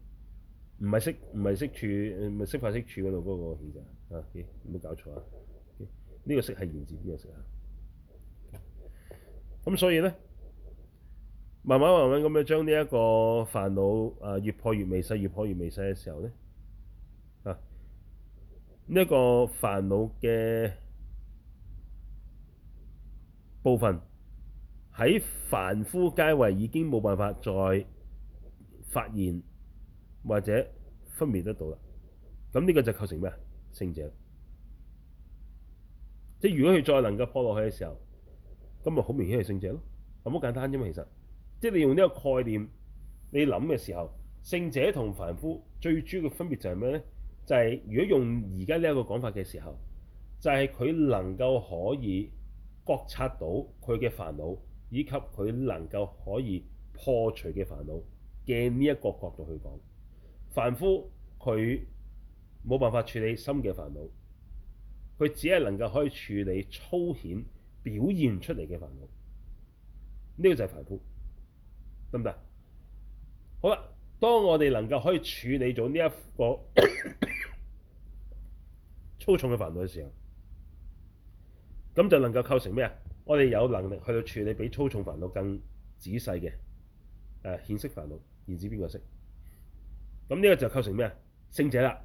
唔係色，唔係色處，唔係色法色處嗰度嗰個氣咋啊？記唔好搞錯啊！呢個色係源自邊個色啊？咁所以咧，慢慢慢慢咁樣將呢一個煩惱啊，越破越微細，越破越微細嘅時候咧啊，呢一個煩惱嘅部分。喺凡夫皆位已經冇辦法再發現或者分別得到啦。咁呢個就構成咩啊？聖者。即係如果佢再能夠破落去嘅時候，咁咪好明顯係聖者咯。咁好簡單啫嘛，其實即係你用呢個概念你諗嘅時候，聖者同凡夫最主要嘅分別就係咩咧？就係、是、如果用而家呢一個講法嘅時候，就係、是、佢能夠可以覺察到佢嘅煩惱，以及佢能夠可以破除嘅煩惱嘅呢一個角度去講，凡夫佢冇辦法處理深嘅煩惱，佢只係能夠可以處理粗顯表現出嚟嘅煩惱，呢、這個就係凡夫，得唔得？好啦，當我哋能夠可以處理咗呢一個 粗重嘅煩惱嘅時候，咁就能夠構成咩啊？我哋有能力去到處理比粗重煩惱更仔細嘅，誒顯色煩惱，唔知邊個識？咁呢、嗯這個就構成咩啊？聖者啦，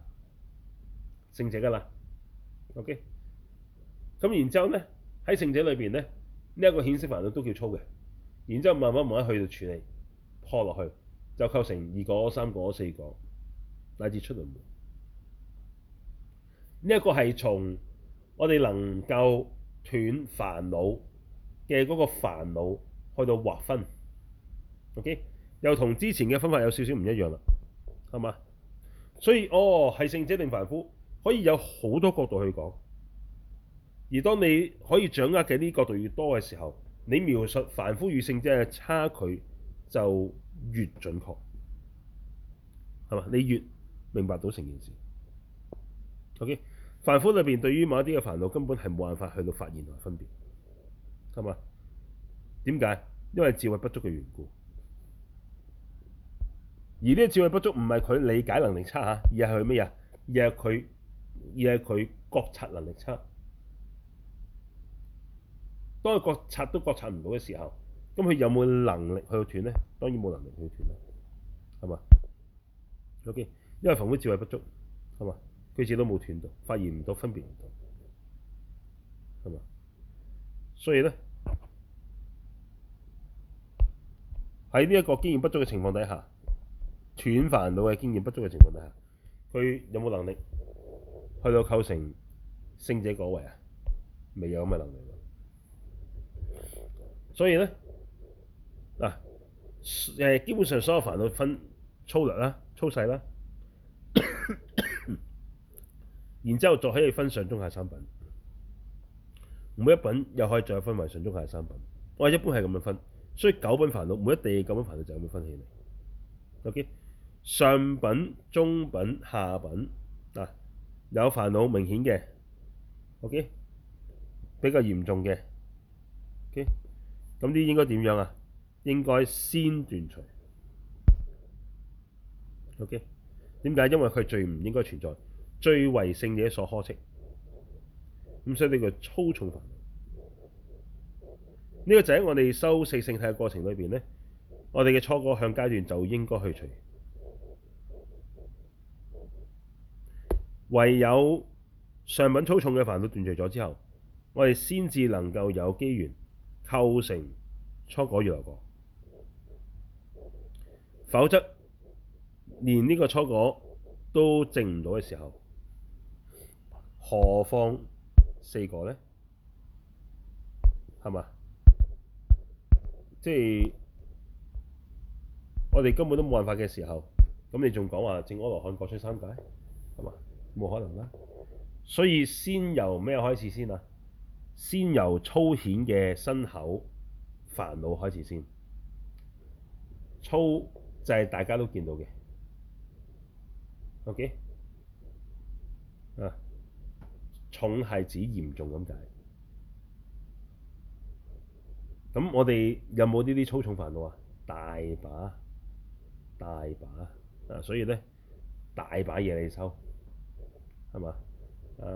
聖者噶啦，OK。咁然之後呢，喺聖者裏邊呢，呢、這、一個顯色煩惱都叫粗嘅，然之後慢慢慢慢去到處理，破落去就構成二果、三果、四果，乃至出輪門。呢、這、一個係從我哋能夠斷煩惱。嘅嗰個煩惱，去到劃分，OK，又同之前嘅分法有少少唔一樣啦，係嘛？所以哦，係聖者定凡夫，可以有好多角度去講。而當你可以掌握嘅呢個角度越多嘅時候，你描述凡夫與聖者嘅差距就越準確，係嘛？你越明白到成件事。OK，凡夫裏邊對於某一啲嘅煩惱根本係冇辦法去到發現同埋分別。係嘛？點解？因為智慧不足嘅緣故。而呢個智慧不足唔係佢理解能力差嚇，而係佢咩呀？而係佢而係佢覺察能力差。當佢覺察都覺察唔到嘅時候，咁佢有冇能力去斷呢？當然冇能力去斷啦。係嘛？OK，因為凡夫智慧不足，係嘛？佢自己都冇斷到，發現唔到分辨唔到，係嘛？所以呢，喺呢一個經驗不足嘅情況底下，斷煩惱嘅經驗不足嘅情況底下，佢有冇能力去到構成聖者果位啊？未有咁嘅能力。所以呢、啊，基本上所有煩惱分粗略啦、啊、粗細啦、啊，然之後再可以分上中下三品。每一品又可以再分為上中下三品，我一般係咁樣分，所以九品煩惱，每一地九品煩惱就咁樣分起嚟。OK，上品、中品、下品嗱、啊，有煩惱明顯嘅，OK，比較嚴重嘅，OK，咁啲應該點樣啊？應該先斷除。OK，點解？因為佢最唔應該存在，最為聖者所呵斥。咁所以呢個粗重煩惱，呢個就喺我哋修四聖諦嘅過程裏邊咧，我哋嘅初果向階段就應該去除。唯有上品粗重嘅煩惱斷除咗之後，我哋先至能夠有機緣構成初果預流果。否則，連呢個初果都證唔到嘅時候，何況？四個咧，係嘛？即係我哋根本都冇辦法嘅時候，咁你仲講話正阿羅漢過出三界，係嘛？冇可能啦！所以先由咩開始先啊？先由粗顯嘅身口煩惱開始先，粗就係大家都見到嘅，OK 啊？重係指嚴重咁解。係，咁我哋有冇呢啲粗重煩惱啊？大把，大把啊！所以咧，大把嘢嚟修，係嘛？啊！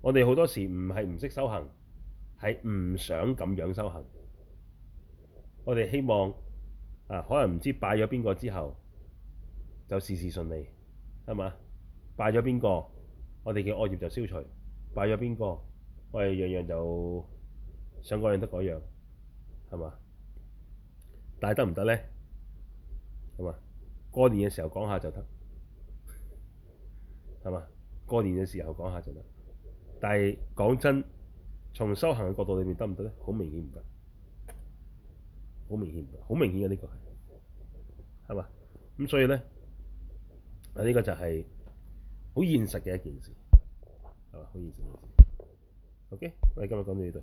我哋好多時唔係唔識修行，係唔想咁樣修行。我哋希望啊，可能唔知拜咗邊個之後就事事順利，係嘛？拜咗邊個？我哋嘅惡業就消除，拜咗邊個，我哋樣樣就想嗰樣得嗰樣，係嘛？但係得唔得咧？係嘛？過年嘅時候講下就得，係嘛？過年嘅時候講下就得，但係講真，從修行嘅角度裏面得唔得咧？好明顯唔得，好明顯唔得，好明顯嘅呢個係，係嘛？咁所以咧，呢、啊呢個就係、是。好現實嘅一件事，係嘛？好現實。OK，我哋今日講到呢度。